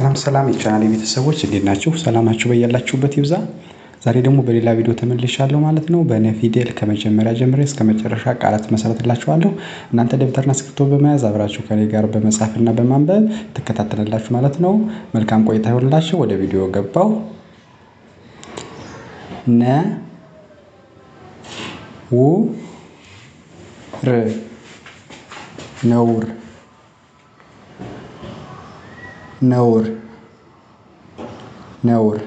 ሰላም ሰላም የቻናል የቤተሰቦች እንዴት ናችሁ? ሰላማችሁ በያላችሁበት ይብዛ። ዛሬ ደግሞ በሌላ ቪዲዮ ተመልሻለሁ ማለት ነው። በነ ፊደል ከመጀመሪያ ጀምሬ እስከ መጨረሻ ቃላት መሰረትላችኋለሁ። እናንተ ደብተርና እስክሪብቶ በመያዝ አብራችሁ ከኔ ጋር በመጻፍና በማንበብ ትከታተላላችሁ ማለት ነው። መልካም ቆይታ ይሆንላችሁ። ወደ ቪዲዮ ገባው። ነ ው ር ነውር ነውር ነውር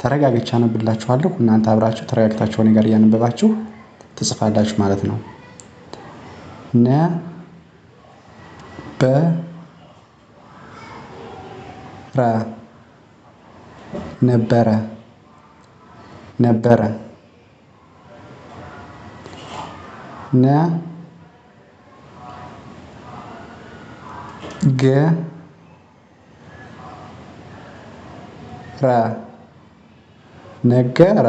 ተረጋግቻ አነብላችኋለሁ እናንተ አብራችሁ ተረጋግታችሁ እኔ ጋር እያነበባችሁ ትጽፋላችሁ ማለት ነው። ነ በ ረ ነበረ ነበረ ነ ገ ነገረ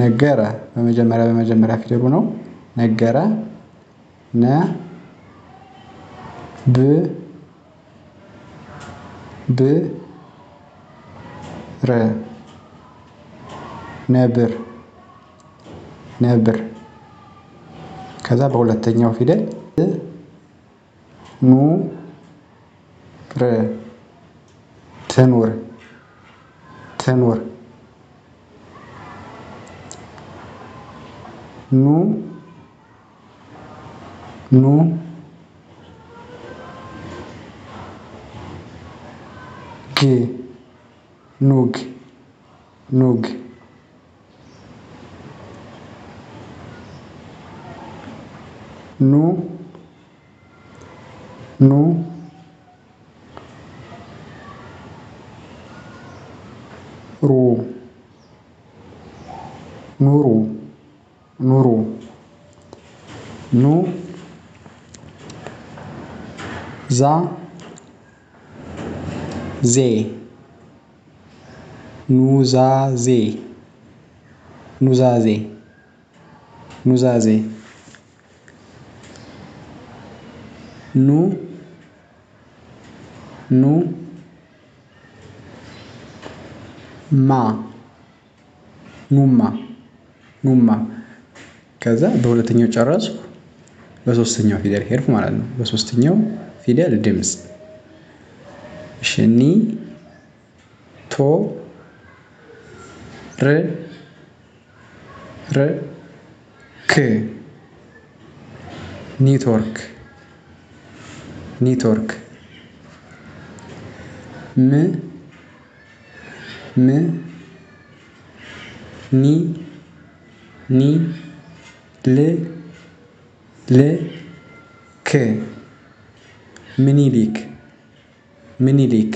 ነገረ በመጀመሪያ በመጀመሪያ ፊደሉ ነው። ነገረ ነ ብ ብ ር ነብር ነብር ከዛ በሁለተኛው ፊደል ኑ ር ትኑር Senhor. No, no, que, nug, nug. No, no. ኑሩ ኑሩ ኑ ዛ ዜ ኑዛዜ ኑዛዜ ኑዛዜ ኑ ኑ ማ ኑማ ሙማ ከዛ በሁለተኛው ጨረስኩ። በሶስተኛው ፊደል ሄድኩ ማለት ነው። በሶስተኛው ፊደል ድምፅ ሽኒ ቶ ር ር ክ ኒትወርክ ኔትወርክ ም ም ኒ नी ले ले खे मिनी लीग मिनी लीग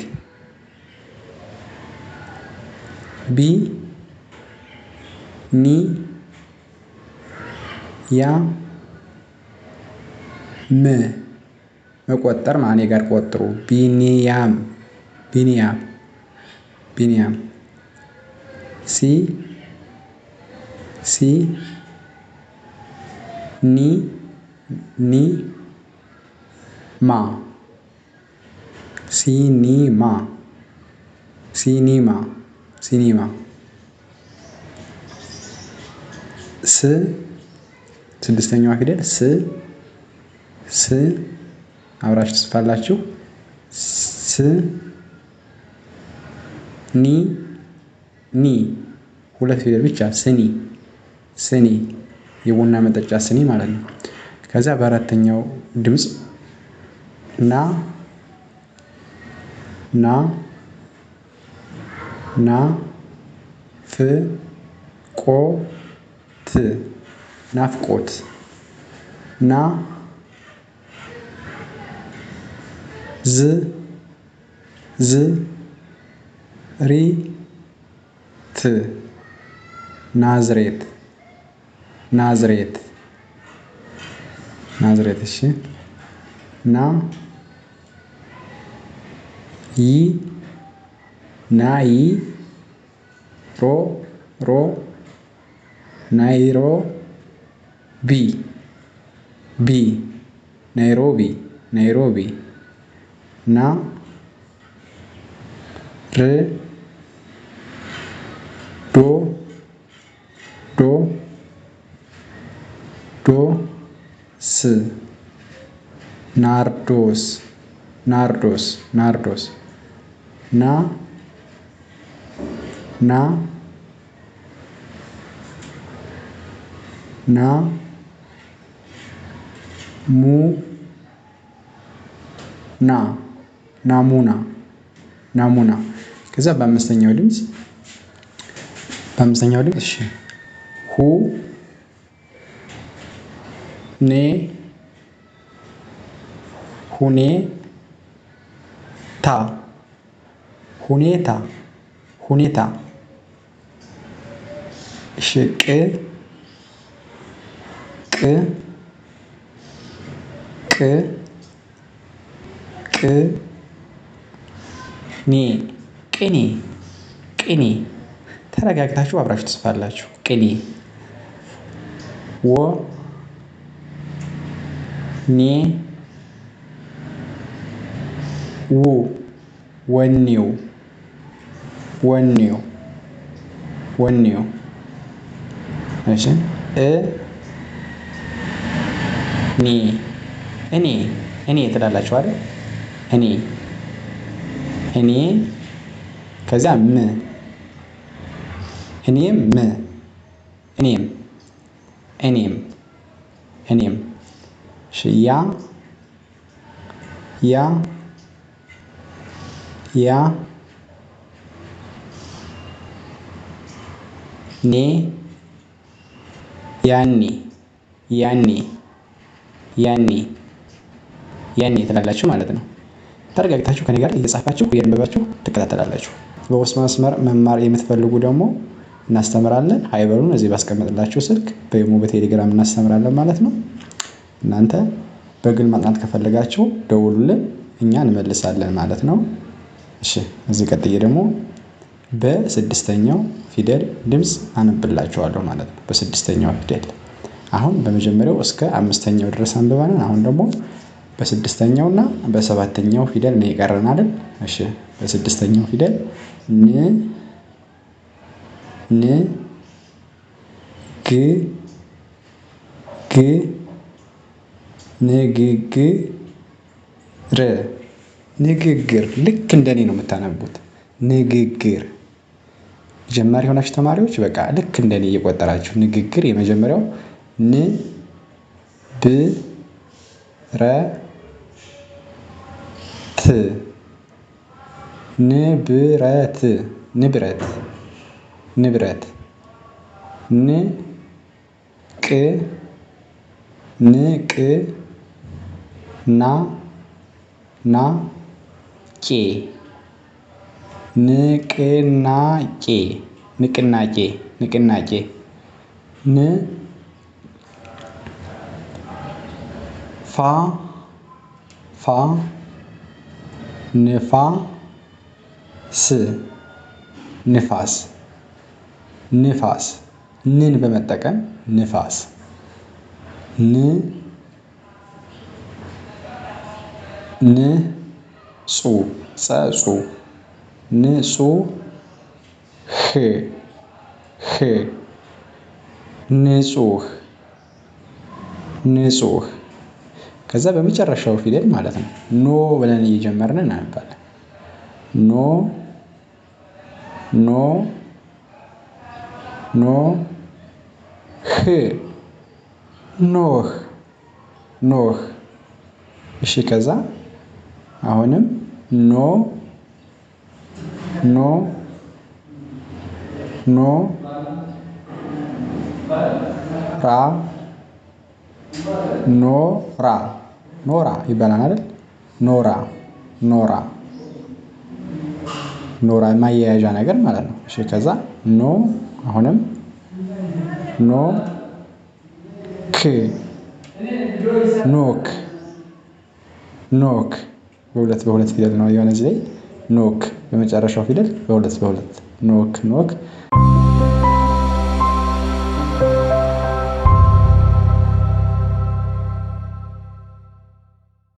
बी नी ያ ም መቆጠር ማኔ ጋር ቆጥሩ ቢኒያም ቢኒያም ቢኒያም ሲ ሲ ኒ ኒ ማ ሲኒማ ሲኒማ ሲኒማ ስ ስድስተኛዋ ፊደል ስ ስ አብራችሁ ትጽፋላችሁ። ስ ኒ ኒ ሁለት ፊደል ብቻ ስኒ ስኒ የቡና መጠጫ ስኒ ማለት ነው። ከዛ በአራተኛው ድምጽ ና ና ና ፍ ቆ ት ናፍቆት ና ዝ ዝ ሪ ት ናዝሬት ናዝሬት ናዝሬት እሺ ና ይ ናይ ሮ ሮ ናይሮ ቢ ቢ ናይሮቢ ናይሮቢ ና ር ዶ ዶ ዶስ ናርዶስ ናርዶስ ናርዶስ ና ና ና ሙ ና ናሙና ናሙና። ከዛ በአምስተኛው ድምፅ በአምስተኛው ድምፅ ሁ ኔ ሁኔታ ሁኔታ ሁኔታ ኔ ቅኔ ቅኔ ተረጋግታችሁ አብራችሁ ትጽፋላችሁ። ቅኔ ወ ኔ ው ወኔው ወኔው ወኔው እሺ እ ኔ እኔ እኔ ትላላችሁ አይደል እኔ እኔ ከዚያ ም እኔም e ም እኔም እኔም እኔም ሽያ ያ ያ ኔ ያኔ ያኔ ያኔ ያኔ ትላላችሁ ማለት ነው። ተረጋግታችሁ ከኔ ጋር እየጻፋችሁ እያንበባችሁ ትከታተላላችሁ። በውስጥ መስመር መማር የምትፈልጉ ደግሞ እናስተምራለን። ሀይበሩን እዚህ ባስቀመጥላችሁ ስልክ በኢሞ በቴሌግራም እናስተምራለን ማለት ነው። እናንተ በግል ማጥናት ከፈለጋችሁ ደውሉልን እኛ እንመልሳለን ማለት ነው። እሺ እዚህ ቀጥዬ ደግሞ በስድስተኛው ፊደል ድምፅ አነብላችኋለሁ ማለት ነው። በስድስተኛው ፊደል አሁን በመጀመሪያው እስከ አምስተኛው ድረስ አንብበናል። አሁን ደግሞ በስድስተኛው እና በሰባተኛው ፊደል ነው ይቀረናልን። እሺ በስድስተኛው ፊደል ን ን ግ ግ ንግግር ንግግር ልክ እንደኔ ነው የምታነቡት ንግግር ጀማሪ የሆናችሁ ተማሪዎች በቃ ልክ እንደኔ እየቆጠራችሁ ንግግር የመጀመሪያው ን ብ ረ ት ንብረት ንብረት ንብረት ን ቅ ንቅ ना ናቄ ንቅናቄ ንቅናቄ ንቅናቄ ን ፋ ፋ ንፋ ስ ንፋስ ንፋስ ንን በመጠቀም ንፋስ ን ንጹ ጸጹህ ንጹህ ህ ህ ንጹህ ንጹህ ከዛ በመጨረሻው ፊደል ማለት ነው ኖ ብለን እየጀመርን እናነባለን። ኖ ኖ ኖ ህ ኖህ ኖህ እሺ ከዛ አሁንም ኖ ኖ ኖ ራ ኖ ኖራ ይባላል አይደል? ኖራ ኖራ ኖራ ማያያዣ ነገር ማለት ነው። እሺ ከዛ ኖ አሁንም ኖ ክ ኖክ ኖክ በሁለት በሁለት ፊደል ነው የሆነ እዚህ ላይ ኖክ በመጨረሻው ፊደል በሁለት በሁለት ኖክ ኖክ